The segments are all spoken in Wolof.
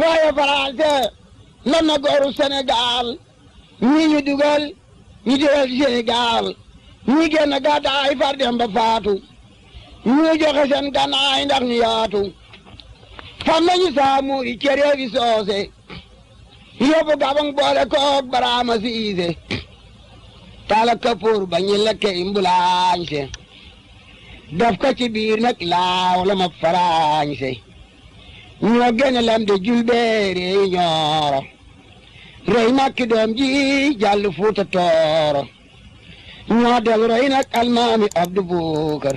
waaye Faranse man na gooru Sénégal ñii ñu dugal ñu dugal Sénégal ñii génn gàddaay far dem faatu ñii joxe seen gànnaay ndax ñu yaatu fam nañu saamuur yi cëree fi soose yóbbu gabang boole koog baraama siise tala kapoor ba ñi lekke imbulaañse daf ko ci biir nag laaw la ma faraañse ñoo gën a lam de julbeeri ñooro rey nag ki doom ji jàll fuuta tooro ñoo del rey nag almaami abdu buukar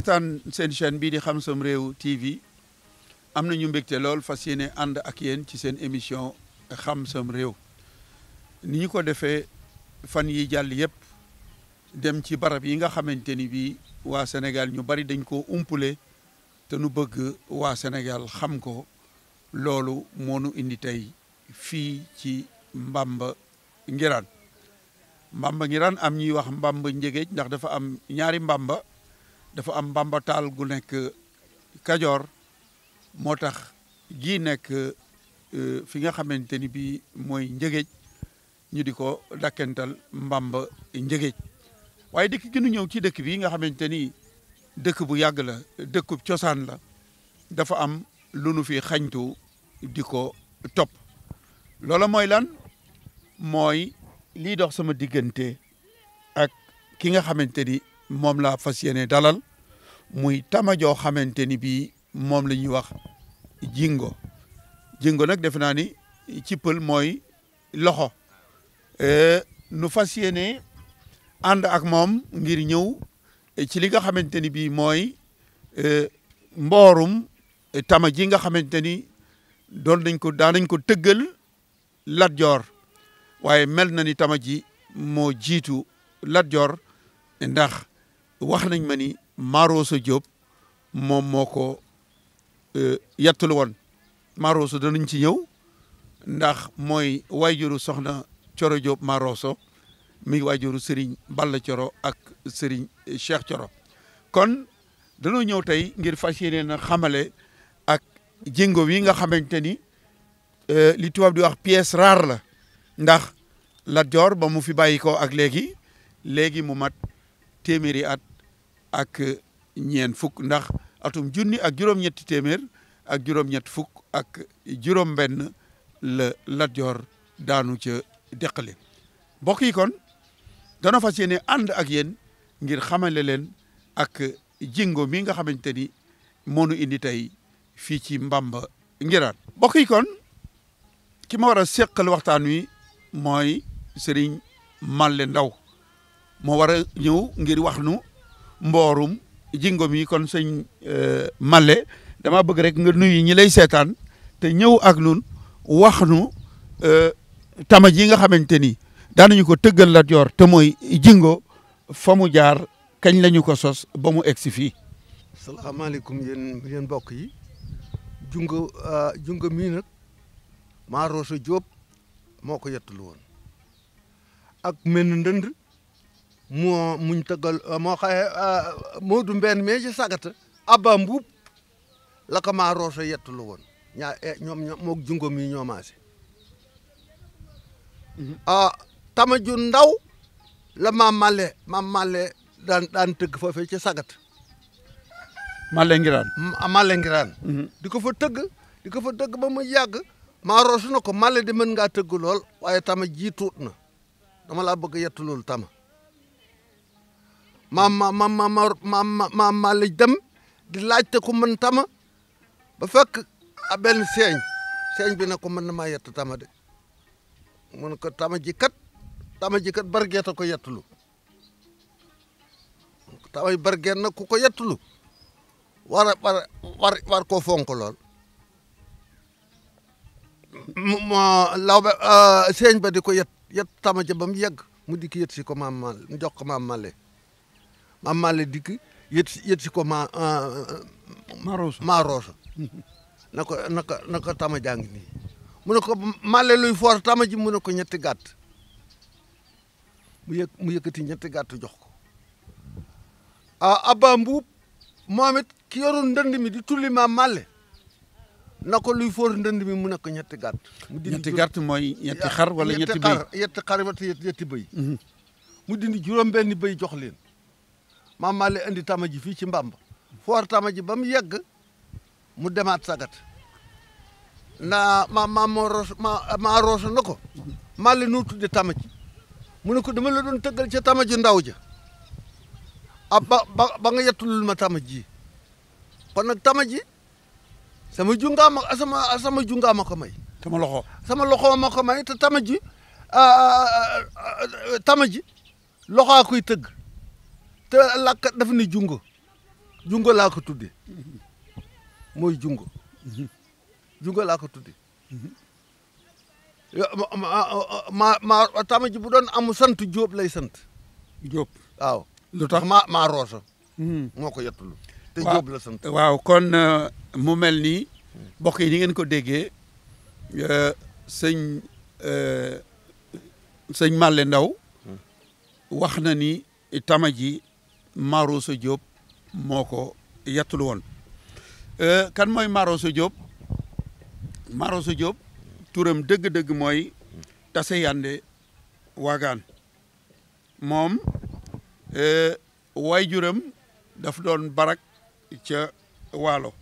seetaan seen chaîne bii di xam sam réew TV am na nañu mbégte lool fa yéene ànd ak yéen ci seen émission xam sam réew ni ñu ko defee fan yi jàll yépp dem ci barab yi nga xamante ni bii waa Sénégal ñu bari dañ koo umpule te nu bëgg waa Sénégal xam ko loolu moo nu indi tey fii ci Mbamba Ngiraan Mbamba Ngiraan am ñuy wax Mbamba Njëgéej ndax dafa am ñaari Mbamba dafa am mbambataal gu nekk Kajoor moo tax ji nekk euh, fi nga xamante ni bii mooy njëgëj ñu di ko dakkental mbamba njëgëj waaye dëkk gi nu ñëw ci dëkk bi nga xamante ni dëkk bu yàgg la dëkku cosaan la dafa am lu nu fi xañtu di ko topp loola mooy lan mooy lii dox sama diggante ak ki nga xamante ni moom laa fas yéene dalal muy tama joo xamante ni bii moom la ñuy wax jingo jingo nag defe naa ni ci pël mooy loxo e, nu fas yéene ànd ak moom ngir ñëw ci li nga xamante ni bii mooy e, mboorum tama ji nga xamante ni doon nañ ko daan nañ ko tëggal Lat Joor waaye mel na ni tama ji moo jiitu Lat Joor ndax wax nañ ma ni Maroso Diop moom moo ko euh, yettul woon Maroso danañ ci ñëw ndax mooy waajuru soxna Coro Diop Maroso mi waajuru Serigne Balla Coro ak Serigne Cheikh Coro kon danoo ñëw tey ngir fas na xamale ak jéngo yi nga xamante ni euh, li tubaab di wax pièce rare la ndax la Joor ba mu fi bàyyi ko ak léegi léegi mu mat téeméeri at ak ñeen fukk ndax atum junni ak juróom-ñetti téeméer ak juróom-ñetti fukk ak juróom-benn la Lat daanu ci deqale mbokk yi kon dana fas yéene ànd ak yen ngir xamale leen ak jingo mi nga xamante ni moonu indi tey fii ci Mbamba Ngiraan mbokk yi kon ki ma war a seqal waxtaan wi mooy Serigne Malle Ndaw moo war ñëw ngir wax nu mboorum jingom yi kon sëñ euh, male dama bëgg rek nga nuyu ñi lay seetaan te ñëw ak nun wax nu euh, tama ji nga xamante ni daanañu ko tëggal Lat Joor te mooy jingo fa mu jaar kañ lañu ko sos ba mu egsi fii salaamaaleykum yéen yéen mbokk yi jungo euh, jungo mii nag Maa Roose Jóob moo ko yettalu woon ak menn ndënd moo muñ tëggal moo xaye eh, moodu mbenn mais ci sagata abba mbuub la ko maa rooso yettu lu woon ñaa eh, ñoom ñoom mook mm-hmm. ah, tama ju ndaw la maam màlle maam màlle daan daan tëgg foofe ci sagat màlle ngiraan màlle ah, ngiraan mm-hmm. di ko fa tëgg di ko tëgg ba mu yàgg maa roosu na ko màlle di mën ngaa tëgg lool waaye tama jii tuut na dama laa bëgg yettu loolu tama mama mama mama mama lay dem di ma ku mën tama ba fekk a benn seeñ seeñ bi ne ko mën ma maa yett tama de mun ko tama ji kat tama ji kat bargeeta ko yettulu tamay bargeet nag ku ko yettulu war a war war war koo fonk ma law ba euh, seeñ ba di ko yett yett tama ja yegg mu dikk yett si ko mamal mal mu jox ko mamale Ma malediki, yetsi yeti ko ma uh, ma maroso nako nako nako tama jang ni ko male luy for tama ji mu ko ñetti gatt mu yek mu yekati ñetti gatt jox ko a abba mbuub ki yoru ndënd mi di tulli ma male nako luy for ndënd mi mu ko ñetti gatt ñetti gatt moy ñetti xar wala ñetti bëy ñetti xar ñetti xar ñetti bëy mhm. mu dindi juroom benn bay jox leen maam maa lay indi tama ji fii ci mbamb foor tama ji ba mu yegg mu demaat sagat ndaa maam maam moo roos maa roosa na ko maa la tama ji mu ne ko dama la doon tëggal ci tama ji ndaw ja ab ba ba nga yettulul ma tama ji kon nag tama ji sama jungaa ma ma ko may sama loxo sama loxo ma ko may te tama ji tama ji loxo a koy tëgg te lakkat dafa ni jungo jungo laa ko tudde mooy jungo jungo laa ko tudde ma ma bu doon amu sant Jóob lay sant Jóob waaw tax maa maa hmm. moo ko yettulu te la sant waaw kon euh, mu mel ni mbokk yi ni ngeen ko déggee euh, sëñ euh, sëñ Màlle Ndaw hmm. wax na ni tama ji Maroussa Diop moo ko yettul woon euh, kan mooy Maroussa Diop Maroussa Diop turam dëgg-dëgg mooy tase yande waagaan moom euh, waajuram daf doon barak ca waalo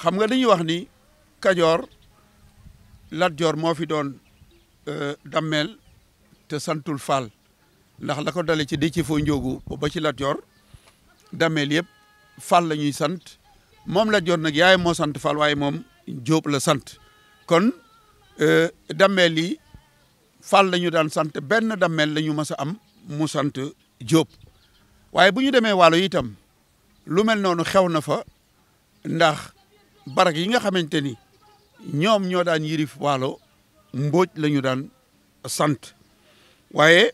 xam nga dañuy wax ni kajoor Lat moo fi doon euh, dammeel te santul Fall ndax la ko dale ci Déthié Fo Ndiogou ba ci Lat Joor dameel yëpp Fall la ñuy sant moom Lat Joor nag yaay moo sant Fall waaye moom Jóob la sant kon euh, dameel yi Fall lañu daan sant benn dameel lañu ñu mës a am mu sant Jóob waaye bu ñu demee Waalo itam lu mel noonu xew na fa ndax barag yi nga xamante ni ñoom ñoo daan yirif Waalo mbóoj lañu ñu daan sant waaye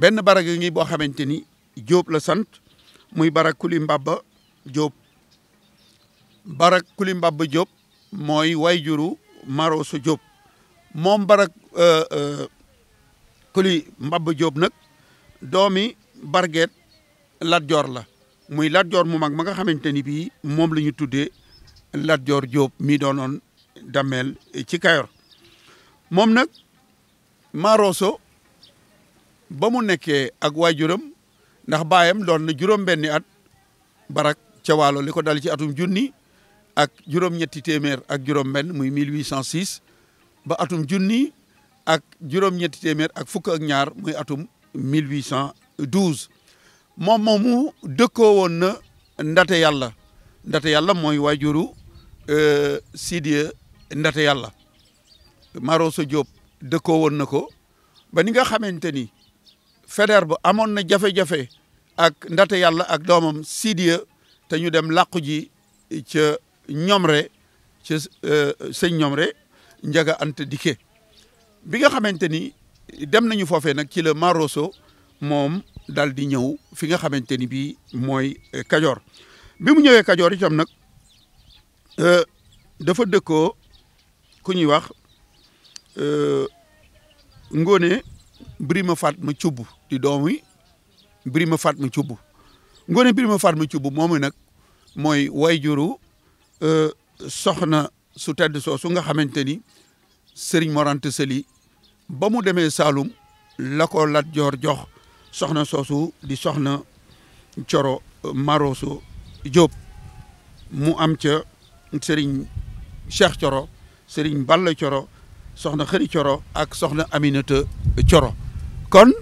benn barag ngi boo xamante ni Jóob la sant muy barag kuli mbabba Jóob barag kuli mbabba Jóob mooy wayjuru Maroosa Jóob moom barag euh, euh, kuli mbabba Jóob nag doomi barget Lat Joor la muy Lat Joor mu mag ma nga xamante ni bii moom la ñu tuddee Lat Joor Jóob mi doonoon dameel ci Kayor moom nag maroso ba mu nekkee ak waajuram ndax baayam doon na juróom-benni at barak ca waalo li ko dal ci atum junni ak juróom-ñetti téeméer ak juróom-benn muy 1806 ba atum junni ak juróom-ñetti téeméer ak fukk ak ñaar muy atum 1812 moom moomu dëkkoo woon na ndate yàlla ndate yàlla mooy waajuru euh, Sidiya ndate yàlla marosa Diop dëkkoo woon na ko ba ni nga xamante ni ba amoon na jafe-jafe ak Ndaté Yàlla ak doomam Sidiya te ñu dem làqu ji ca Ñomre ca euh, sëñ Ñomre Njaga Anta Diké bi nga xamante ni dem nañu foofee nag ci la Maroso moom dal di ñëw fi nga xamante ni bii mooy euh, Kajoor bi mu ñëwee Kajoor itam nag euh, dafa dëkkoo ku ñuy wax Ngóone ma Birima ma Thioub di doomi Birima Fatma Thioub ma Birima Fatma Thioub moomu nag mooy wayjuru e, soxna su tedd soosu nga xamante ni Serigne Mor seli ba mu demee salum la Lat Joor jox soxna soosu di soxna Coro Maroso Diop mu am ca Serigne Cheikh Coro Serigne Balla Coro soxna Xëri Coro ak soxna Aminata Coro kon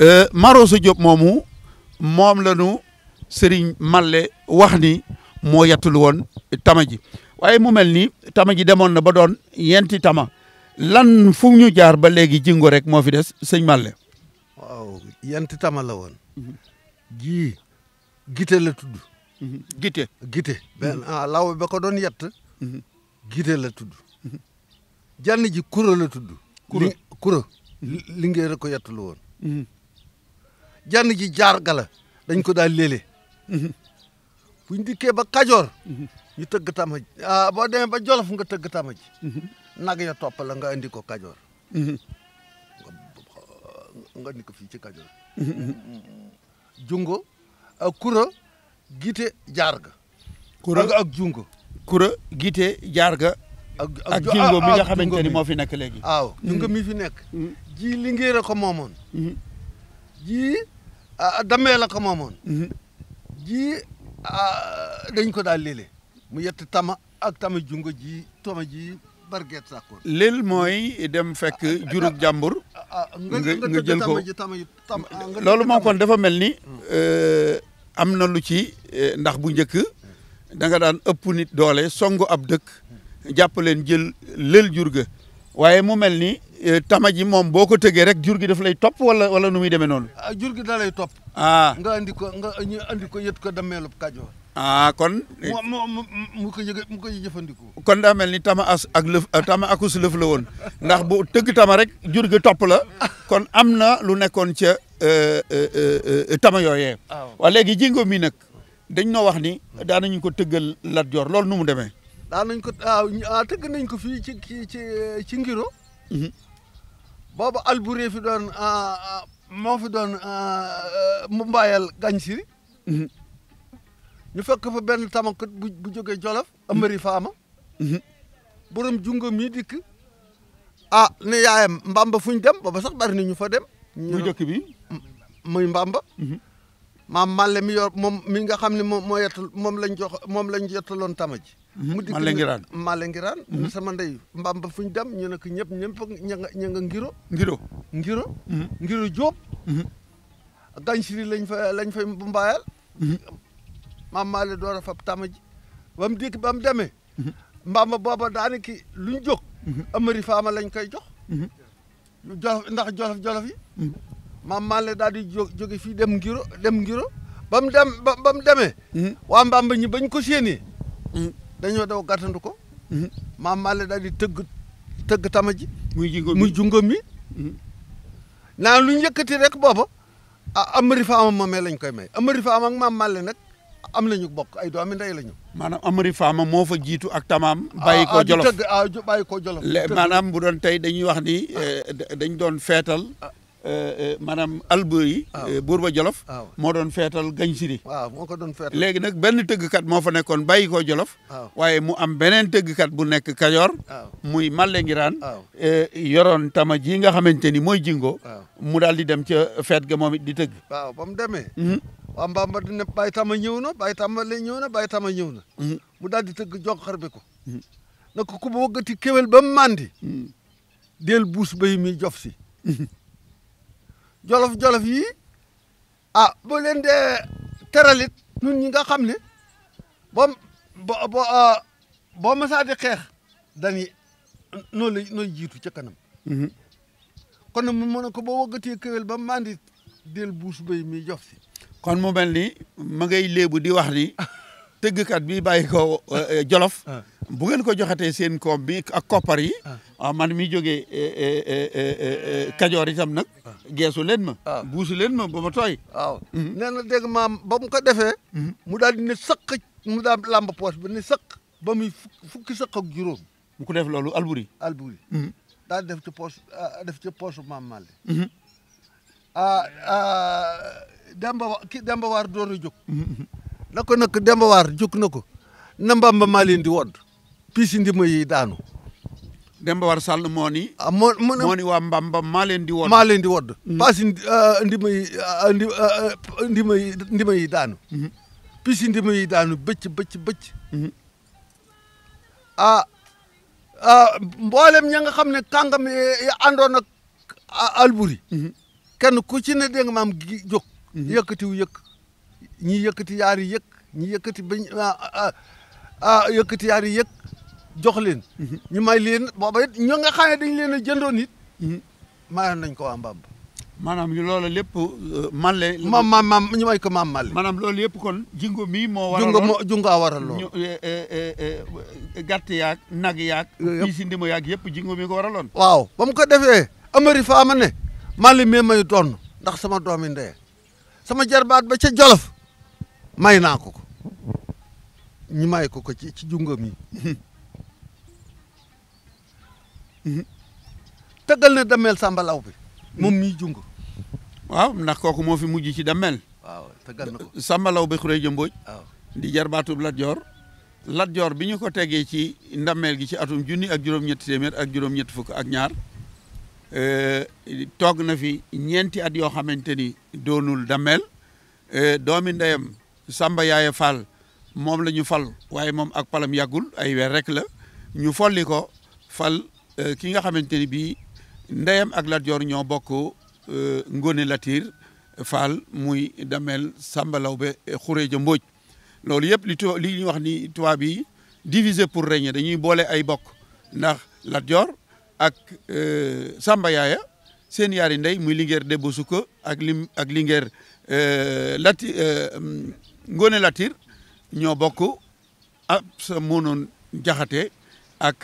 euh, Maroso Diop moomu moom la ñu Serigne Malle wax ni moo yettul woon tama ji waaye mu mel ni tama ji demoon na ba doon yenti tama lan fu ñu jaar ba léegi jingo rek moo fi des sëñ Malle. waaw yenti tama la woon. ji gite la tudd. gite gite. benn mhm. ah law ba ko doon yett. Mhm. gite la tudd. Mhm. jann ji kura la tudd. kura Linguère ko yettalu woon mhm. jann ji jaar gala dañ ko daal léele mhm. buñ dikkee ba kajoor mhm. ñu tëgg tama ah, boo demee ba jolof nga tëgg tama ji nag ya topp nga andi kajoor nga andi fii ci kajoor mm, mm. jungo ak kura gite jaar ga kura ak jungo kura gite jaar ga ak jungo ah, mi nga xamante ni moo fi nekk léegi waaw jungo mi fi nekk ji Linguère la ko moomoon. Mhm. ji Damee la ko moomoon. Mhm. ji dañ ko daal léele mu yett tama ak tama jungo ji tama ji barget sàkkoon. lil mooy dem fekk jurug jàmbur. nga nga jël ko loolu moom kon dafa mel ni. Mm. Euh, am na lu ci euh, ndax bu njëkk danga daan ëpp nit doole songu ab dëkk mm. jàpp leen jël lël jur ga waaye mu mel ni. Euh, tama ji moom boo ko tëgee rek jur gi daf lay topp wala wala nu muy demee noonu. Ah, jur gi da lay topp. ah nga andi ko nga ñu ko yët ko dameelub Kajoor. ah kon. mu mu ko jëfandikoo. kon daa mel ni tama as ak lëf euh, tama akus lëf la woon ndax bu tëgg tama rek jur gi topp la kon am na lu nekkoon ca euh, tama yooyee. waaw léegi jingo mi nag dañ noo wax ni daan nañu ko tëggal Lat Joor lool nu mu demee. daan nañ ko ah, ah tëgg nañ ko fii ci ci ci ngiro. Mhm. boobu Alboury fi doon euh, euh, moo fi doon mbayal gañ si ñu fekk fa benn tamakat bu bu jógee Jolof mhm. amari faama mhm. borom jungo mii dikk ah ne yaayam mbamba fu dem booba sax bari na ñu fa dem mu bi muy mbamba mhm. maam malle mi yor moom mi nga xam ne moo yettal moom lañ jox moom lañ yettaloon tama ji mu di Malengiraan Malengiraan mm-hmm. sama ndey mbaam ba fu ñu dem ñu ne ko ñëpp ñëpp ña nga ngiro ngiro ngiro mm-hmm. ngiro Jóob mm-hmm. gànciri lañ fa lañ fay bu mbaayal maam maale door a fab tama ji ba mu dikk ba booba daanaka lu ñu jóg lañ koy jox ndax jolof jolof daal di jó jóge dem ngiro dem ngiro ba mu dem ba waa mbaam ñi bañ ko séenee dañoo daw gàttandu ko. Mhm. maam Malle daal di tëgg tëgg tama ji. muy jungam mi mi. Mhm. naan lu ñu yëkkati rek booba. ah Amary Fama moomee lañ koy may amari Fama ma maam Malle nag am nañu bokk ay doomi ndey lañu. maanaam Amary Fama moo fa jiitu ak tamaam. bàyyi ko jolof ah ah bàyyi ko bu doon tey dañuy wax ni eh, dañ doon feetal. Euh, euh, maanaam albeur yi. Euh, Jolof. moo doon feetal gañ siri. waaw moo ko doon feetal léegi nag benn tëggkat moo fa nekkoon bàyyi ko Jolof. waaye mu am beneen tëggkat bu nekk kayoor muy Malle Ngiraan. yoroon tama ji nga xamante ni mooy jingo. mu daal di dem ca feet ga moom it di tëgg. waaw ba mu demee. Mhm. waa Mbamba dina bàyyi tama ñëw na bàyyi tama ñëw na bàyyi tama ñëw na. mu daal di tëgg jox xar bi ko. Mhm. na ko ku ma wëggati kéwél ba mhm. del buus bay mi jof si. jolof-jolof yi a ah boo leen dee teralit ñun ñi nga xam ne boo ah boo boo mësaa di xeex dañuy noonu la nooy jiitu ca kanam mhm. kon nag mu mën ko boo wëggatee këwél ba mandi del buus béy mi jof si kon mu mel ni ma ngay léebu di wax ni tëggkat bi bàyyi ko eh, eh, jolof ah. bu ngeen ko joxatee seen koom bii ak koppar yi. Ah. Ah, man mi jógee eh, eh, eh, kajoor itam nag. Ah. geesu leen ma. buusu leen ma ba ma tooy. waaw mhm. nee na dégg maam ba mu ko defee. Mhm. mu daal di ne sëq mu daal làmb poos ba ne sëq ba muy fukki sëq ak juróom. mu ko def loolu alburi. alburi. Mhm. daal def ci poos def ci poosu maam Malle. ah Demba wa kii Demba Waar door a jóg. la ko nag Demba jóg na ko na Mbamba maa leen di wodd piis ndima yi daanu. Demba War Sall moo ni. ah Mbamba maa leen di. wodd maa di wodd. Hmm. paas ah, ndima yi ah, ah, ndima yi ndima yi daanu. Hmm. piis ndima yi daanu bëcc bëcc bëcc. Hmm. ah mboolem ña nga xam ne kàngam ya àndoon Alburi. kenn ku ci ne dégg nga maam gi jóg. yëkkatiw yëkk ñii yëkkati yaari yëkk ñii yëkkati bañ ah yëkkati yaari yëkk. jox leen. Mhm. ñu may leen booba it ñoo nga xam ne dañ leen a jëndoon it. Mhm. mayoon nañ ko waa Mbamba. maanaam loolu lépp euh, Malle. ma ma ma ñu may ko maam Malle. maanaam loolu yëpp kon jingo mii moo. waraloon jungo moo jungo waral lool. Euh, euh, gàtt yaag nag yaag. yii mo ndimo yaag yëpp jingo mi ko waraloon. waaw ba mu ko defee Amari Faama ne Malle mee may doon ndax sama doomi ndey sama jarbaat ba ca Jolof may naa ko ko ñu may ko ko ci ci jungo mi. Mhm. Mhm. tëggal na dammel Samba Law bi moom mii jung waaw ndax kooku moo fi mujj ci dammel waaw tëggal na ko Samba Law bi xuree jëmbooj waaw di jarbaatub Lat Joor Lat Joor bi ñu ko tegee ci ndammeel gi ci atum junni ak juróom-ñetti téeméer ak juróom-ñetti fukk ak ñaar eh, toog na fi ñeenti at yoo xamante ni doonul dammeel eh, doomi ndeyam Samba Yaaya Fall moom la ñu waaye moom ak palam yàggul ay weer rek la ñu folli ko fal Euh, ki nga xamante ni bii ndeyam ak Lat Joor ñoo bokk euh, Ngone Latir Fall muy damel Samba Lawbe euh, Xureeja Mbooj loolu yëpp li tu li ñuy wax ni tubaab yi diviser pour régner dañuy boole ay bokk ndax Lat yor ak Samba Yaaya seen yaari ndey muy Linguère Debbo Sukka ak lim ak Linguère Lati Ngone Latir ñoo bokk ab sa moonoon jaxate ak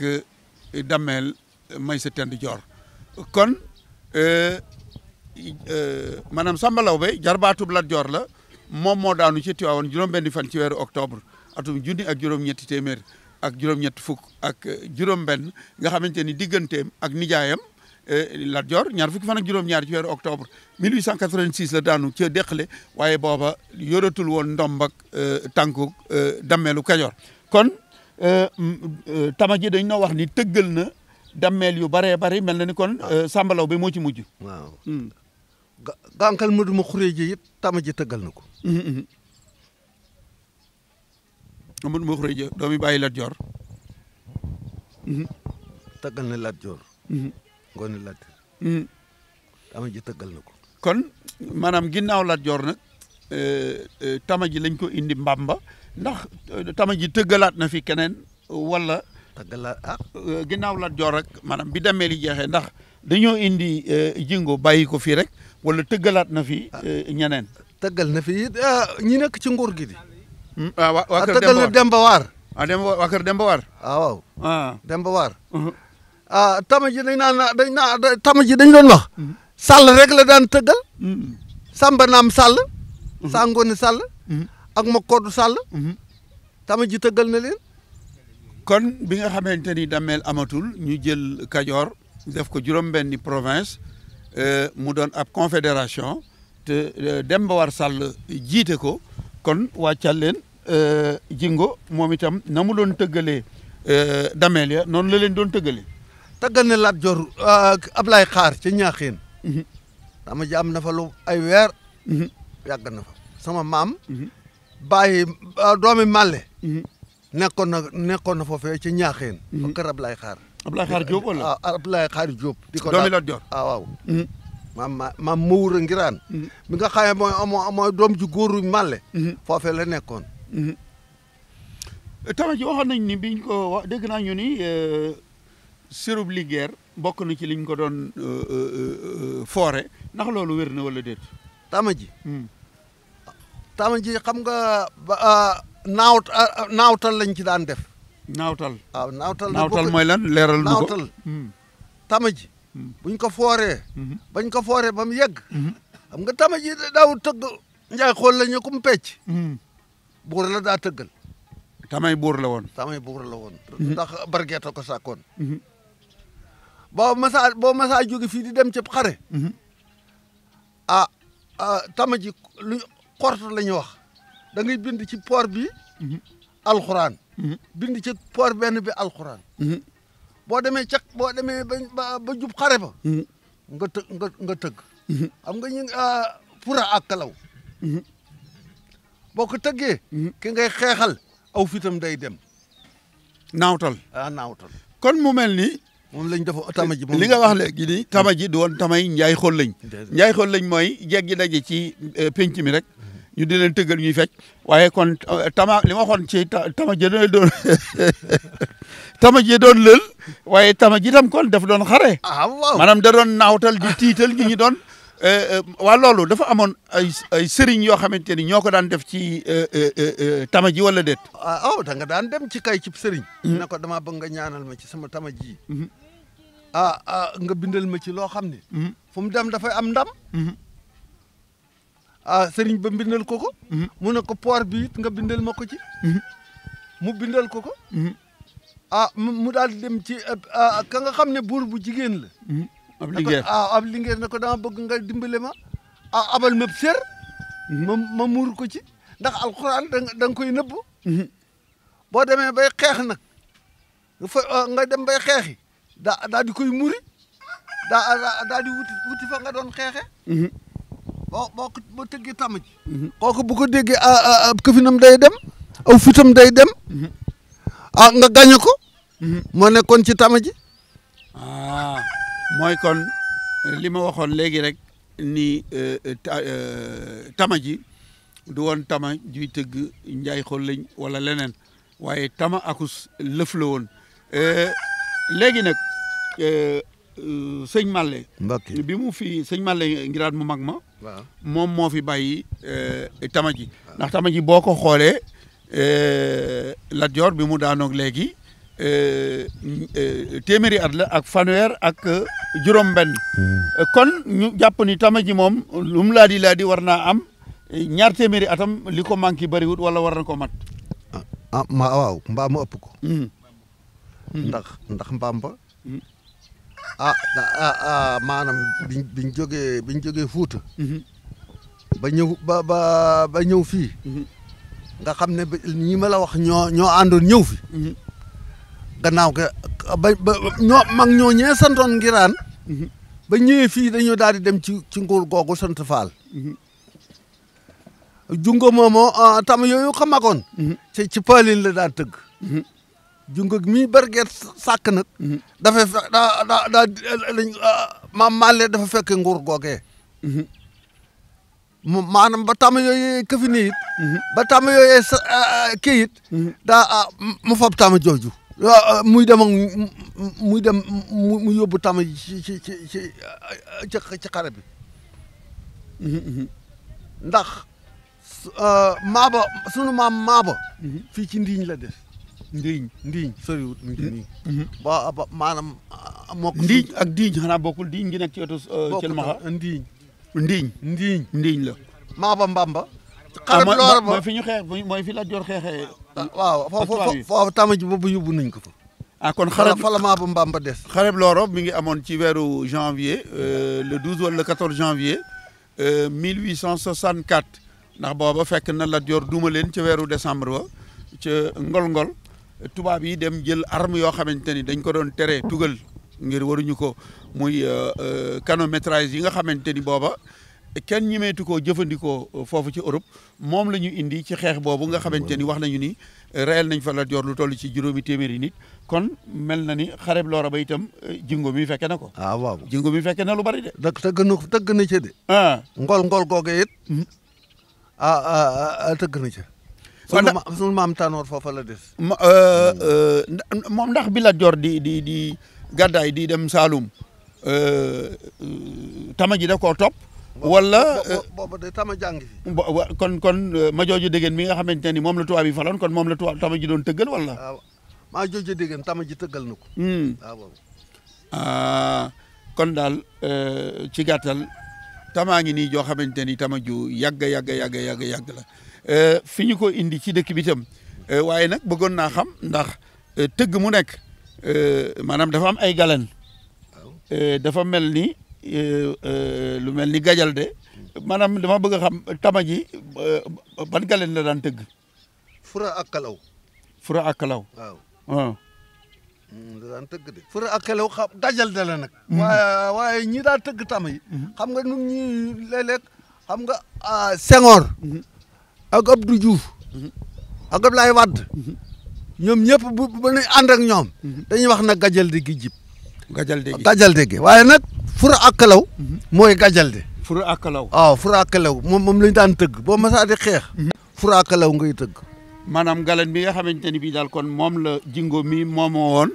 damel Maysa Tend Joor kon euh, euh, maanaam Samba ba jarbaatub Lat Joor la moom moo daanu ci Tiwaawan juróom-benni fan ci weeru octobre atum junni ak juróom-ñetti téeméer ak juróom-ñetti fukk ak euh, juróom-benn nga xamante ni digganteem ak nijaayam Lat Joor ñaar fukki fan ak juróom-ñaar ci weeru octobre 1886 la daanu ca Dexle waaye booba yoratul woon ndombak ak tànku dammeelu Kajoor kon tama ji dañ noo wax ni tëggal na. damel yu bare bare melni ni kon ah. euh, sambalaw bi mo ci mujj waaw hmm. gankal mudu mu xuree ji it tama ji tëggal nako hmm ma hmm, duma hmm. xuree ji doomi bàyyi Lat hmm tëggal na Lat Joor ngoone Lat tam ji tëggal nako kon manam ginnaaw Lat nak euh, euh tam ji lañ ko indi mbamba ndax euh, tam ji tëggalaat na fi kenen wala tagal ah eh, ginnaaw Lat Joor rek maanaam bi dameel yi ndax eh, jingo bayiko ko rek wala tëggalaat na fi ah. eh, ñeneen. tëggal na fi ah, ñi nekk ci nguur gi di. Hmm, ah, ah Kër tëggal na Demba Waar. ah Demba waa Kër Demba Waar. ah waaw. Demba Waar. Uh-huh. ah tama ji dañ naan dañ tama ji dañ doon wax. Hmm. rek la daan hmm. Samba ak tama ji na leen. kon bi nga xamante ni dammeel amatul ñu jël Kajoor def ko juróom-benni province euh, mu doon ab confédération te euh, Demba War Sall jiite ko kon wàccal leen euh, jingo moom itam na mu doon tëggalee dameel ya noonu la leen doon tëggalee. tëggal ne laat Joor Ablaye Xaar ca Ñaaxeen. Mhm. dama ji am na lu ay weer. Mhm. yàgg na fa sama maam. Mhm. bàyyi doomi Màlle. nekkoon na nekkoon na foofee ci ñaaxeen. Mhm. fa kër Ablaye Xaar. Ablaye Xaar Diop wala waaw ah, Ablaye di ko doomi Lat Joor ah waaw. ma mhm. maam ma wuure ngiraan. bi mhm. nga xa mooy amoo mooy doom ju góoru màlle. foofe la nekkoon. Eh, tamit waxoon nañ ni biñ ko wax dégg naa ñu ni euh, sirub liguère bokk na ci liñ ko doon euh, euh, foore ndax loolu wér na wala déet. tama ji. tama ji xam nga ah, naaw ah, ah, naawtal lañ ci daan def. naawtal waaw naawtal. naawtal mooy lan leeral lu ko naawtal. Hmm. tama ji. Hmm. buñ ko fooree. Hmm. bañ ko fooree ba mu yegg. nga tama ji daaw tëgg xool la ñu ko mu pecc. buur la daa tëggal. tamay buur la woon. tamay buur la woon. ndax bargeeta ko sàkkoon. boo masaa boo masaa jóge fii di dem ci xare. ah, ah tama ji lu xort wax. da ngay bind ci poor bi alxuraan bind ci poor benn bi alxuraan boo demee ca boo demee ba jub xare ba nga të nga tëgg xam nga ñu pura ah, ak kalaw boo ko tëggee ki ngay xeexal aw fitam day dem naawtal ah naawtal kon mu mel ni moom lañ dafa tama ji li nga wax léegi ni tama ji du woon tamay njaay xool lañ njaay lañ mooy jeggi daje ci eh, penc mi rek ñu di leen tëggal ñuy fecc waaye kon euh, tama li ma ci tama ji doon tama ji doon lël waaye tama ji tam kon daf doon xare ah, maanaam da doon naawtal di tiital ñi ñu doon euh, euh, waa loolu dafa amoon ay ay sëriñ yoo xamante ni ñoo ko daan def ci tama ji wala déet ah oh, da daan dem ci kay ci sëriñ hmm. na ko damaa bëgg nga ñaanal ma ci sama tama ji hmm. ah, ah nga bindal ma ci loo xam ne hmm. fu mu dem am ndam ah sëriñ ba bindal ko ko. Mhm. mu ne ko poir bi nga bindal ma ko ci. Mhm. mu bindal ko ko. Mhm. ah mu daal di dem ci ah, ah, ka nga xam ne buur bu jigéen la. ab ah, ne ko dama bëgg nga dimbale ma. ah abal ma ser. ma muur ko ci ndax alxuraan da nga koy nëbb. boo demee bay xeex nag fa nga dem bay xeexi daa daa di koy muri daa daa di wuti wuti doon xeexe. boo boo ko boo tëggee tàmm ji. bu ko déggee ah, ah, ah, këfinam day dem aw fitam day dem. ah nga gañe ko. moo nekkoon ci tama ji. mooy kon li ma waxoon léegi rek ni euh, euh, tama euh, ji du won tama juy tëgg njaay xool lañ wala leneen waaye tama akus lëf la woon léegi nag. Euh, sëñ Malle. Mbacke bi mu fi sëñ Malle ngiraat mu mag ma. waaw moom moo fi bàyyi euh, tamaji. ndax tamaji boo ko xoolee euh, Lat Joor bi mu daanoog léegi téeméeri at la ak fanweer ak juróom-benn. Hmm. kon ñu jàpp ni tamaji moom lu mu laa di laa di war naa am ñaar téeméeri atam li ko manqué bëriwut wala war na ko mat. ah, ah ma waaw mbaa mu ëpp ko. Hmm. Hmm. ndax ndax mbaam ba Ah, a ah, ah, maanaam biñ biñ jógee biñ jógee Fuuta mhm. ba ñëw ba ba ba ñëw fii mhm. nga xam ne ñi ma la wax ñoo ñoo àndoon ñëw fi mhm. gannaaw ga ba ba ñoo mag ñoo ñee santoon ngiraan ba ñëwee fii dañoo daal di dem ci ci nguur googu sant Faal jungo moomo tam yooyu xamagoon ci ci paalin la daan tëgg jungo mi bergeet sàkk nag. Mhm. dafay fe daa daa daa eh, eh, ah, dafa fekk nguur googee. Mhm. maanaam ba tàmm yooyu këfin yi it. Mhm. ba tàmm jooju. muy dem ak muy dem mu yóbbu tàmm ci ci eh, bi. ndax ah, maaba sunu maam maaba. fii ci ndiiñ la des. ndiiñ ndiiñ soriwut mu ngi nii mhm. ba ba maanaam ah, mokk ndiiñ ak ndiiñ xanaa bokkul ndiiñ gi nekk ci wetu euh, Thilmakha ah, ndiiñ ndiiñ ndiiñ ndiiñ la maaba mbamba ah, xarab loor ba mooy fi ñu xeex mooy fi la jor xeexee waaw foofu foofu tama ji boobu yóbbu nañ ko fa ah kon xarab fa la maaba mbamba des xarab looro mi ngi amoon ci weeru janvier euh, le 12 wala le 14 janvier 1864 euh, ndax booba fekk na la jor duuma leen ci weeru décembre ba ca ngol-ngol tubaab yi dem jël arme yoo xamante ni dañ ko doon tere tugal ngir waruñu ko muy euh, euh, canométrage yi nga xamante ni booba kenn ñimeetu koo jëfandikoo foofu ci Europe moom la ñu indi ci xeex boobu nga xamante ni wax nañu ni reyal nañ fa la Joor lu toll ci juróomi téeméeri nit kon mel na ni xareb Lora ba itam euh, jingo mi fekke na ko. ah waaw jingo mi fekke na lu bari de. dëgg tëgg na tëgg na ca de. ah ngol ngol googu it. Hmm. Ah, ah ah ah tëgg na ci sunu ma sunu maam Tanor foofa la des. Euh, euh, moom ndax bi la jor di di di gàddaay di dem Saalum euh, tama ji da koo topp. wala boobu de tama jàng fi. kon kon ma jooju dégg mi xamante ni moom la tubaab yi faloon kon moom la tubaab tama ji doon tëggal wala. waaw ah, maa jooju tama ji tëggal na ko. waaw. Hmm. Ah, ah, kon daal ci gàttal tamaa ngi nii joo xamante ni tama ju yàgg yàgg yàgg yàgg yàgg la. Euh, fi ñu ko indi ci dëkk bi itam euh, waaye nag bëggoon naa xam ndax euh, tëgg mu nekk maanaam dafa am ay galen dafa mel ni lu mel ni gajal de maanaam dama bëgg xam tamaji ban galen la daan tëgg. fura ak kalaw. fura ak kalaw. waaw da ah. hmm, daan tëgg de. fura ak kalaw xam dajal de hmm. waaye ñi daa tëgg tama hmm. xam nga ñun ñii léeg xam nga ah, Senghor. ak Abdou Diouf ak Abdoulaye Wade ñoom ñëpp bu bu ñu ànd ak ñoom dañuy wax na gajalde gi jib gajalde gi waaye nag fura ak kalaw mooy gajalde fura ak kalaw waaw fura moom moom la daan tëgg boo masaa di xeex fura ak kalaw ngay tëgg maanaam galan bi nga xamante ni bii daal kon moom la jingo mi moomoo woon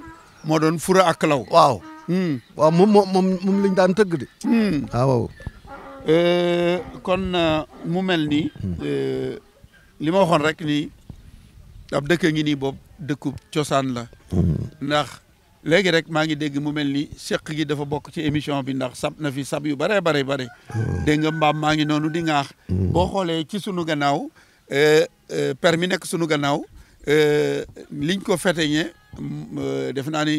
moo doon fura ak kalaw waaw hmm. waaw moom moom daan tëgg de hmm. waaw euh, kon euh, mu mel ni hmm. euh, li ma waxoon rek ni ab dëkk ngi ni boobu dëkku cosaan la. Mm-hmm. ndax léegi rek maa ngi dégg mu mel ni seq gi dafa bokk ci émission bi ndax sab na fi sab yu bare bare bare. Mm-hmm. dégg nga mbaam maa ngi noonu di ŋaax. Mm-hmm. boo xoolee ci sunu gannaaw eh, eh, permis nekk sunu gannaaw eh, liñ ko feteñee mm, def naa ni.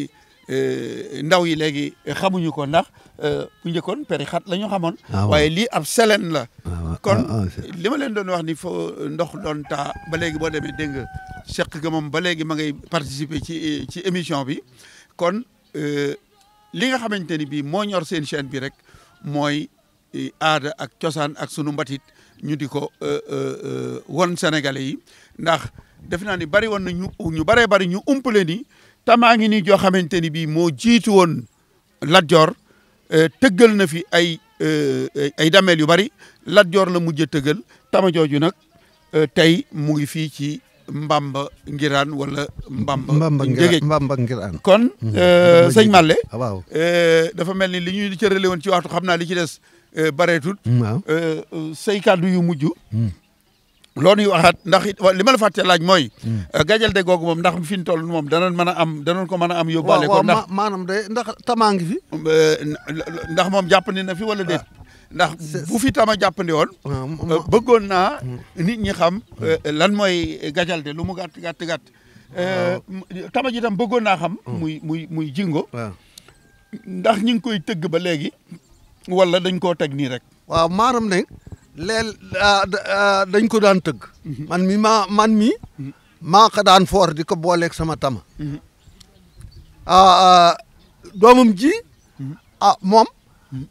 Euh, ndaw yi léegi xamuñu ko ndax euh, bu njëkkoon péri xat la ñu xamoon ah waaye lii ab selen la ah ah, kon li ma leen doon wax ni fo ndox doon taa ba léegi boo demee dégg nga Cheikh ga moom ba léegi ma ngay participer ci ci émission bi kon euh, li nga xamante ni bii moo ñor seen chaine bi rek mooy aada ak cosaan ak sunu mbatit ñu di ko won Sénégalais yi ndax def naa ni bari woon na ñu ñu baree bari ñu umpale ni tamaa ngi ni joo xamante ni bii moo jiitu woon Lat Joor eh, na fi ay eh, ay dameel yu bari Lat Joor la mujj a tëggal tama jooju nag eh, tey mu ngi fii ci Mbamba Ngiraan wala Mbamba. Mbamba Ngiraan Mbamba Ngiraan kon mhm. sëñ male ah, waaw dafa mel ni li ñu ñuy cërale woon ci watu xam naa li ci des bareetut. Mm, waaw say kàddu yu mujj. Mm. loolu ñuy waxaat ndax li ma la laaj mooy. Hmm. Euh, gajal de googu moom ndax fi ñu toll moom danañ mën am danañ ko mën a am. yóbbaale ko ndax maanaam de ndax tamaa ngi fi. ndax moom jàppandi na fi wala déet. Ah. ndax bu fi tama jàppandi woon. Ah, euh, bëggoon naa. Hmm. nit ñi xam hmm. euh, lan mooy gajal de lu mu gàtt gat gàtt. tama ji tam bëggoon naa xam. muy muy muy jingo. ndax ñi ngi koy tëgg ba léegi. wala dañ koo teg nii rek. waaw maanaam de. leel ah, ah, dañ ko daan tëgg. man mi ma man mi maa ko daan foor di ko booleeg sama tama. Ah, doomam ji. ah moom.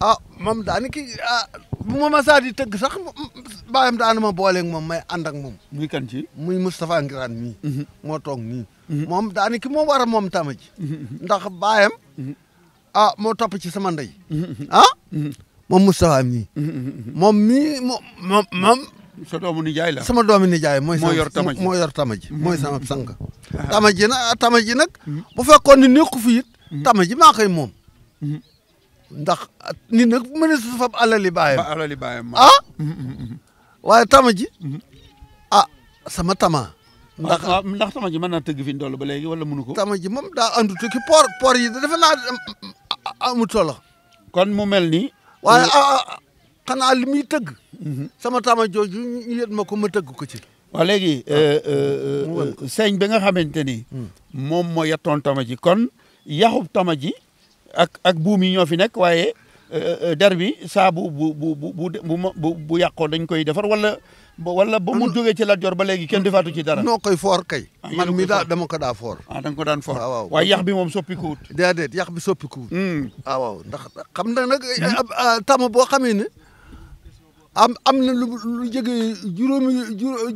a moom daani ki bu ma masaa di tëgg sax baayam daan ma booleeg moom ma ànd ak moom. muy kan ci muy Moustapha Ngiraan mii. Mhm. moo toog nii. Mhm. moom daani ki moo war mom tama ji. Mhm. ndax baayam. a moo topp ci sama ndey. moom Moustapha mii. Mm-hmm, mm-hmm, mm-hmm. moom mii moom moom. sa doomu nijaay la sama doomu nijaay mooy. moo yor tama ji tama ji mooy sama sang. Ah. tama ji nag ah, ji nag. bu fekkoon ne nekku fi it. tama ji maa koy moom. ndax nit nag mën a alali baayam. ba alali ah! tama ji. ah sama tama. ndax ndax tama ji mën naa tëgg fi ndoll ba léegi wala mënu ko. tama ji moom daa andu tukki por por yi dafa naa mm, mm, mm, amut ni. waaye ah, ah xanaa li muy tëgg. Mhm. sama tama jooju ñu yet ma ko ma tëgg ko ci. waaw léegi ah. euh, euh, euh, sëñ bi nga xamante ni. Hmm. moom moo yettoon tama ji kon yaxub tama ji ak ak buum yi ñoo fi nekk waaye. Euh, euh, der bi saa bu bu bu bu bu bu yàqoo dañ koy defar wala. wala ba mu jógee ci Lat Joor ba léegi kenn defaatu ci dara. noo koy foor kay. Ah, man mi daa dama ko daa foor. ah da ko daan foor waaw waaye yax bi moom soppikuwut. déedéet yax bi soppikuwut. Hmm. ah waaw ndax xam na nag ah, tam boo xamee ne am am na lu lu jógee juróomi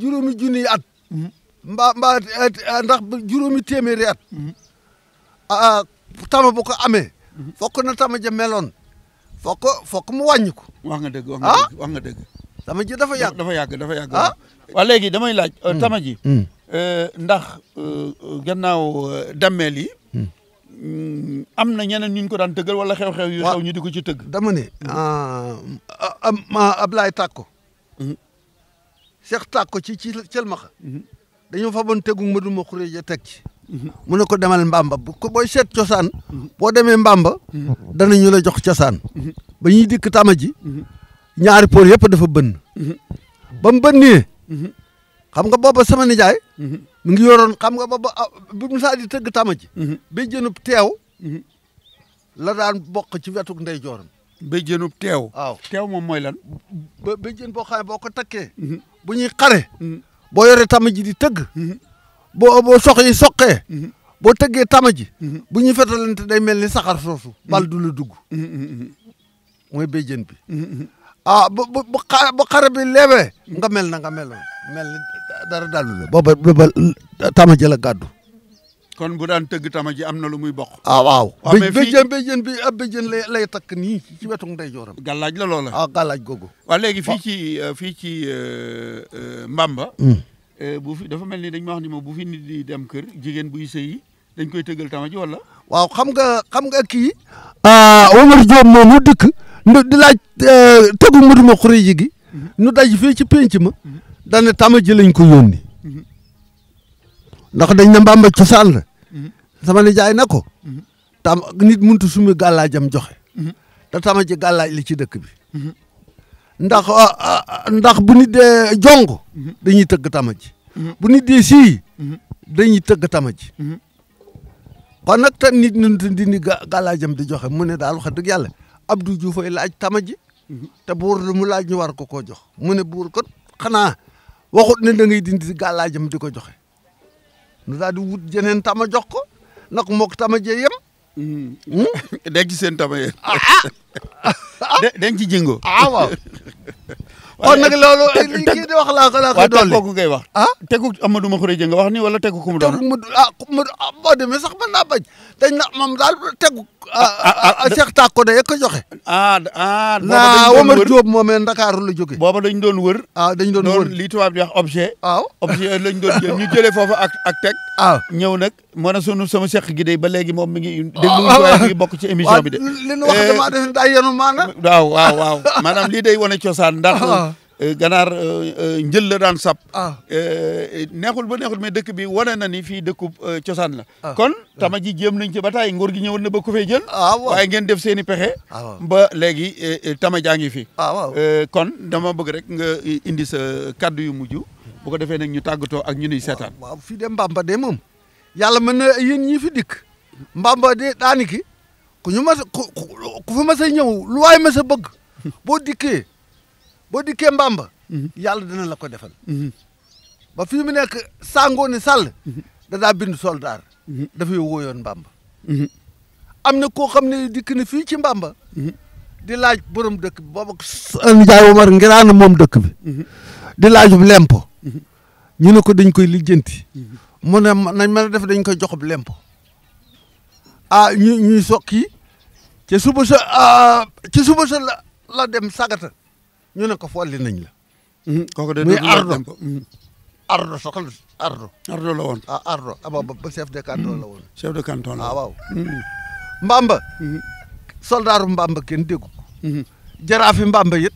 juróomi junniy at. Hmm. mbaa mbaa eh, eh, ndax juróomi at. Hmm. Ah, tama bu ko amee. fokk na tama ja meloon. fokk fokk mu wàññi ko. wax nga dëgg wax nga ah? dëgg dëgg. tama ji dafa yàgg dafa yàgg dafa yàgg. ah waa léegi damay laaj. Euh, mm. tama ji. Mm. Euh, ndax euh, gannaaw dammeel yi. Mm. am na ñeneen ñu ko daan tëggal wala xew-xew yi xew ñu di ko ci tëgg. dama ne ah, ah, Ablaye Tàkko. Mm-hmm. Cheikh Tàkko ci ci Thiel Maxa. Mm-hmm. dañoo fa bon tegu Madou Makhourédia teg ci. mu ne ko demal mbamba bu ko booy seet cosaan boo demee mbamba danañu la jox cosaan ba ñuy dikk tama ji ñaari pool yëpp dafa bënn ba mu bënnee xam nga booba sama nijaay mu ngi yoroon xam nga booba ah, bi mu saa di tëgg tama ji bay jënub la daan bokk ci wetuk ndey jooram bay jënub teew waaw teew moom mooy lan bay jën boo boo ko takkee bu ñuy xare boo yore tama ji di tëgg boo boo sox yi soqee mhm. boo tëggee tama ji mhm. bu ñuy fetalante day mel ni saxar soosu mhm. bal du la dugg mooy béjjën bi a ah, bu bu bu xare bi leebee nga mel na nga meloon mel ni dara dalu la tama ji la gàddu kon bu daan tëgg tama ji am na lu muy bokk ah waaw béjjën bi a béjjën lay lay takk nii ci wetu ndeyjooram gàllaaj la loo ah gàllaaj googu waaw léegi fii ci euh, fii ci euh, euh, Mbamba hmm. Euh, bu fi dafa mel ni dañ ma ni moom bu fi nit di dem kër jigéen buy sëyi dañ koy tëggal tama ji wala. waaw xam nga xam nga kii. Ah, Omar Diop moomu dëkk nu laaj euh, tëggu muduma xure yi gi. Mhm. nu daj fii ci penc ma. Mhm. dana tama ji lañ ko yónni. Mhm. ndax dañ na mbàmba cosaan la. sama jaay na ko. nit muntu sumi gàllaajam joxe. te tama ji gàllaaj li ci dëkk bi. ndax ah, ah, ndax bu nit dee jongo mhm. dañuy tëgg tama ji mhm. bu nit dee sii mhm. dañuy tëgg tama ji kon nag te nit ñun di ni gàllaajam di joxe mu ne daal wax dëgg yàlla Abdou Diouf ay laaj tama ji te buur lu mu laaj ñu war ko koo jox mu ne buur ko xanaa waxut ne da ngay dindi gàllaajam di ko joxe nu daal di wut jeneen tama jox ko nag mook tama je yem Hmm? denc seen tama yéen. Ah, ah. denc jëngo. ah waaw. kon nag loolu. kii di wax laa ko laa ko dolli waaw teg ngay wax. ah tegu Amadou Makhoury Dieng nga wax ni wala tegu ku mu doon. tegu ah, mu ah mu boo sax mën naa bañ. dañ na moom daal tegu. a ah, ah, ah, Cheikh Tako de ko a a na naa Wamar Diop moomee Ndakaaru la jóge. booba dañ doon wër. a dañ doon wër li tubaab di wax objet. waaw objet lañ doon jël ñu jëlee foofu ak ak teg. waaw ñëw nag mën na sunu sama Cheikh gi de ba léegi moom mi ngi. waaw waaw déglu mi ngi bokk ci émission bi de. li nu wax eh. damaa def daa yenu maanaam. waaw waaw waaw maanaam lii day wane cosaan ndax. Euh, ganaar euh, euh, njël la daan sap ah. neexul ba neexul mais dëkk bi wane na ni fii dëkkub cosaan la ah. kon ah. tama ji jéem nañ ci ba taay gi ñëwoon na ba ku fee jël waaye ngeen def seen i pexe ba léegi tama jaa ngi fi kon dama bëgg rek nga indi sa kaddu yu mujj bu ko defee nag ñu tàggatoo ak ñu nuy seetaan waaw fii de mbamba de moom yàlla mën na yéen ñi fi dikk mbamba de daaniki ku ñu mas ku fa mas a ñëw lu waay mas boo dikkee boo dikkee Mbamba. Mhm. yàlla dina la ko defal. Mhm. ba fii mu nekk Sangoone Sall. Mhm. da daa bind soldaar. dafay wóyoon Mbamba. am na koo xam ne dikk fii ci Mbamba. di laaj borom dëkk bi booba Ndiaye Omar ngiraana moom dëkk bi. di laajub lempo. ñu ne ko dañ koy lijjanti. mu ne nañ mën a def dañ koy joxub lempo. a ah, ñu ñuy sokki ca suba sa ah, suba sa la la dem sagata. ñu ne ko folli nañ la. Mhm. kooku de muy ardo mhm. ardo soxal ardo. ardo la woon ah ardo ah, ba ba chef de canton la woon. chef de canton ah, mhm. kenn déggu jaraafi Mbamba it.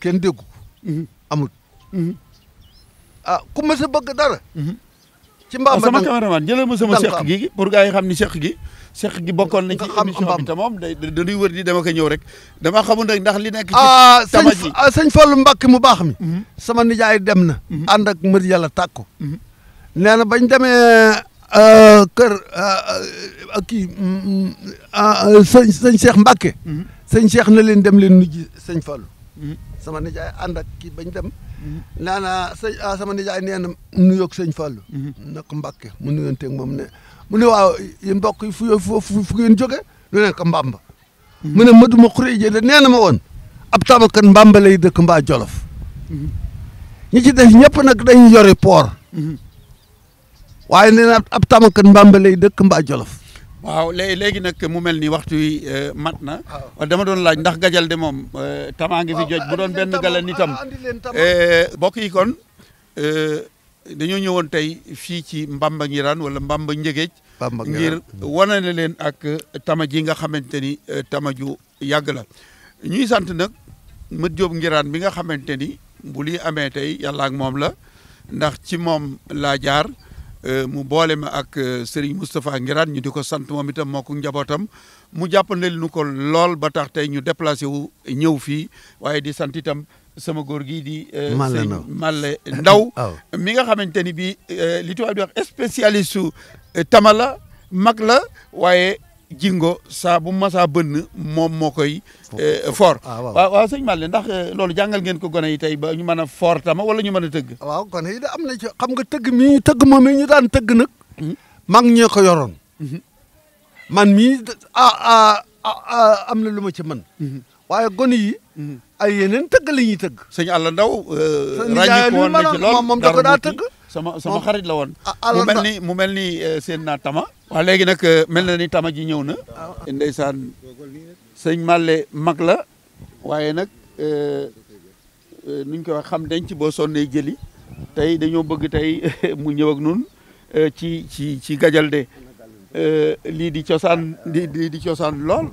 kenn déggu ko. amut. ah ku ma bëgg dara. ci mbaam sama cameraman jëlal ma sama seq gi pour gars yi xam ni seq gi seq gi bokkoon na ci émission bi te moom day dañuy da di dama ko ñëw rek dama xamul rek ndax li nekk ci ah, tama ji ah, sëñ Fallu Mbàkke mu baax mi mhm. sama nijaay dem na mhm. ànd ak mër yàlla tàkku mhm. nee na bañ demee euh, kër euh, kii mm, mm, ah, sëñ sëñ Cheikh Mbàkke sëñ na leen dem leen nujji sëñ Fallu sama nijaay ànd ak kii bañ dem Mm-hmm. naa naa sëñ ah sama nijaay nee na nuyoog sëñ Fallou. Mm-hmm. na ko Mbàkke mu nuyonteeg moom ne mu ne waaw yi mbokk yi fu fu fu ngeen jóge lu ne Mbamba. Mm-hmm. mu ne Madou ma xuree jëlee nee na ma woon ab tabakat Mbamba lay dëkk mbaa Jolof. ñi ci def ñëpp nag dañu yore poor. waaye nee na ab tabakat Mbamba lay dëkk mbaa Jolof. waaw léegi nag mu mel ni waxtu wi euh, mat na dama doon laaj ndax gajal de moom euh, tamaa ngi fi joj bu doon benn galan itam euh, mbokk yi kon dañoo ñëwoon tey fii ci Mbamba Ngiraan wala Mbamba Njëgeej ngir wanale leen ak tama ji nga xamante ni tama ju yàgg la ñuy sant nag Mat Jóob Ngiraan bi nga xamante ni bu lii amee tey yàlla ak moom la ndax ci moom laa jaar Euh, mu boole ma ak euh, Serigne Moustapha Ngiraan ñu di ko sant moom itam moo njabootam mu jàppandal nu ko lool ba tax tey ñu déplacé wu ñëw fii waaye di sant itam sama góor gii di. Sëñ euh, Malle Ndaw mi nga xamante ni bii li tubaab di wax spécialiste su tama mag la waaye. jingo saa bu masaa bënn moom moo koy eh, fort ah, waaw waaw sëñ ndax eh, loolu jàngal ngeen ko gone yi tey ba ñu mën a fort tama wala ñu mën a tëgg waaw gone am na ci xam nga tëgg mi tëgg moom mi ñu daan tëgg nag hmm? mag ñee ko yoroon hmm. man mii ah am na lu ma ci mën hmm. waaye gone yi ay yeneen tëgg la ñuy tëgg sëñ Alla Ndaw eh, ràññi ko woon na ci moom da ko daa tëgg sama sama oh. xarit la woon. mu mel ni mu mel ni eh, seen naa tama. waaw léegi nag eh, mel na ni tama ji ñëw na. Ah. ndeysaan sëñ male mag la waaye nag eh, nuñ ko wax xam denc boo sonnee jëli tey dañoo bëgg tey mu ñëw ak nun ci ci ci Gajalde lii di cosaan lii di cosaan lool.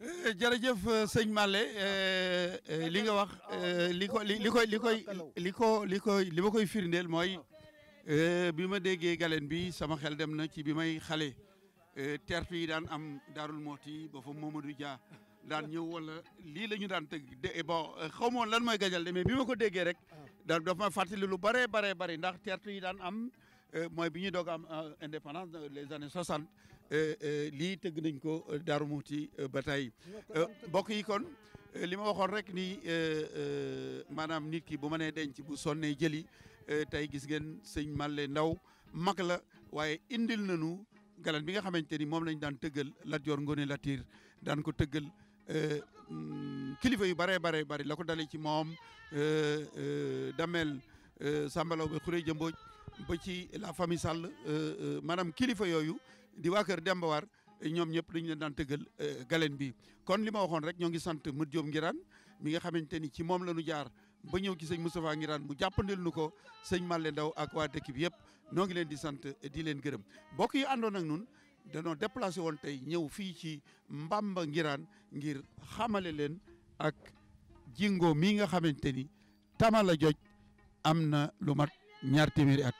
Eh, jërëjëf euh, sëñ Malle euh, euh, li nga wax li ko li koy li koy li ko li koy li ma koy firndeel mooy bi ma déggee galen bi sama xel dem na ci bi may xale tertu yi daan am daarul mooti ba fa Momadou Dia daan ñëw wala lii la ñu daan tëgg eh, bon xaw ma woon lan mooy gajal de mais bi ma ko déggee rek ah. da dafa ma fàttali lu bare bare bari ndax tertu yi daan am mooy bi ñuy doog am indépendance les années 60 Euh, euh, lii tëgg nañ ko euh, Daaru Muxti ba tey mbokk yi kon li ma waxoon rek ni maanaam nit ki bu ma denc bu sonnee jëli tey gis ngeen sëñ Malle Ndaw mag la waaye indil nañu galan bi nga xamante ni moom lañ daan tëggal Lat Joor Ngoone Latiir daan ko tëggal mm, kilifa yu bare bare bari la ko dalee ci moom damel Sambalaw ba Xuree Jëmbooj ba ci la famille Sall maanaam kilifa yooyu di waa kër Demba War ñoom ñëpp dañu leen daan tëggal euh, galen bi kon li ma waxoon rek ñoo ngi sant Mat Diop Ngiraan mi nga xamante ni ci moom la ñu jaar ba ñëw ci sëñ Moustapha Ngiraan mu jàppandil nu ko sëñ male Ndaw ak waa dëkk bi yëpp noo ngi leen di sant di leen gërëm mbokk yi àndoon ak nun danoo déplacé woon tey ñëw fii ci Mbamba Ngiraan ngir xamale leen ak jingo mii nga xamante ni tama la joj am na lu mat ñaar téeméeri at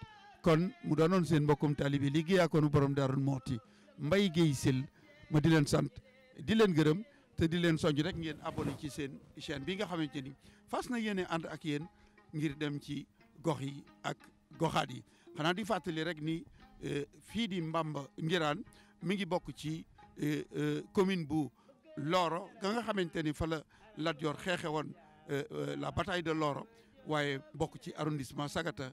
kon mu doonoon seen mbokkum taalibe liggéey akoonu borom Daaru Muxti mbay Guèye Syll ma di leen sant di leen gërëm te di leen soññ rek ngeen abonné ci seen chaine bi nga xamante ni fas na yéene ànd ak yéen ngir dem ci gox yi ak goxaat yi xanaa di fàttali rek ni e, fii di Mbamba Ngiraan mi ngi bokk ci e, e, commune bu Loro ga nga xamante ni fa la Lat Joor xeexe woon la bataille de Loro waaye bokk ci arrondissement Sagata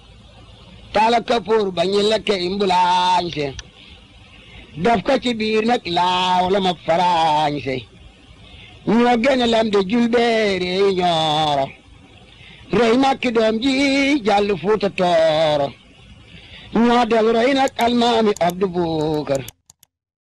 taala kapoor ba ñi lekke imbulaañse daf ko ci biir nag laaw la ma faraañse ñoo gene lam de julbeere ñooro rey makki doom ji jàll fuuta tooro ñoo del rey nag almaami abdu buukar